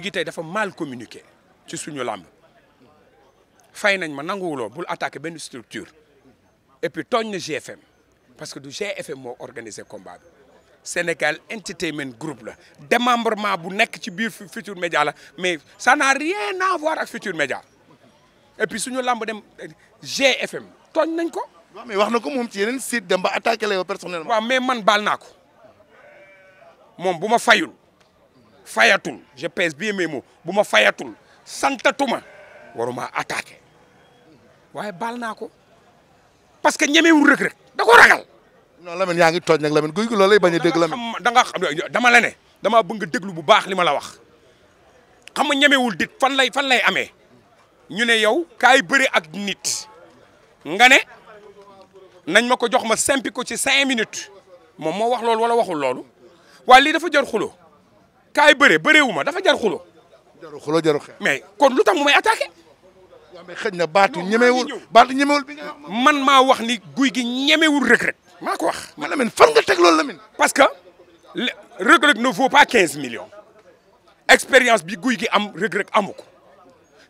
guy gi dafa mal communiqué ci suñu làmb fay nañ ma nanguwuloo bul attaqué benn structure et puis tooñ GFM parce que du GFM moo organisé combat bi Sénégal Entertainment Group la démembrement bu nekk ci biir Futur Média la mais ça n'a rien à voir avec Futur Média et puis suñu làmb dem GFM tooñ nañ ko. mais wax na ko moom ci yeneen site dem ba attaqué la personnellement. waaw mais man baal naa ko moom bu ma fayul. fayatul je pèse bien bu ma fayatul santatuma ma attaqué waaye baal naa ko parce que ñemewul rek rek da ko ragal. non yaa ngi tooñ nag Lamine guy gi loolay bañ a dégg Lamine da nga xam dama la ne damaa bëgg nga déglu bu baax li ma la wax xam nga ñemewul dit fan lay fan lay amee ñu ne yow kaay bëri ak nit nga ne nañ ma ko jox ma simpi ko ci cinq minutes moom moo wax loolu wala waxul loolu waa lii dafa jar xuloo kay beure bëree dafa jar xulo jaru xulo jaru xeex mais kon lu mou may attaquer waaw mais xëy na baatu ñemewul baatu ñemewul bi nga man m'a wax ni guuy gi ñemewul rek rek mako wax. man Lamine fan nga tek lolou Lamine. parce que le Reug ne vaut pas 15 millions expérience bi guuy gi am regret Reug amu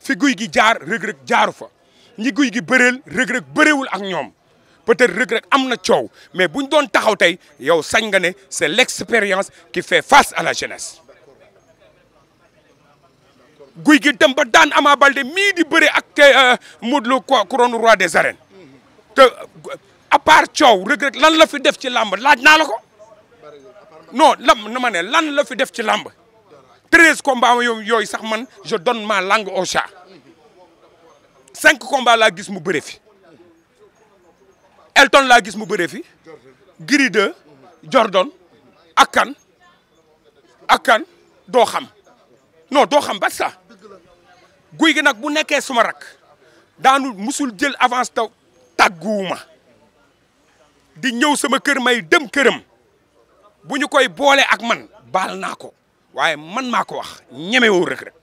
fi guuy gi jaar Reug Reug jaaru fa ñi guuy gi bëreel Reug Reug ak ñom peut-être regret Reug am na mais buñ doon taxaw tay yow sañ nga né c'est l'expérience qui fait face à la jeunesse. Guigui Demba dem ba daan Ama Baldé mii di beure ak euh, Modou Lo couronne roi des arènes te à part coow Reug Reug lan la fi def ci lamb laj naa la ko non lamb na ma lan la fi def ci lamb 13 combats yo yooyu sax man je donne ma langue au chat 5 combats la gis mu beure fi Elton la gis mu beure fi Gris 2 Jordan Akan Akan do xam non do xam ba ça guy gi nag bu nekkee suma rak daanu musul jël avance taw tàgguwuma di ñëw sama kër may dem këram bu ñu koy boole ak man bal naa ko waaye man maa ko wax ñemewoo Reug Reug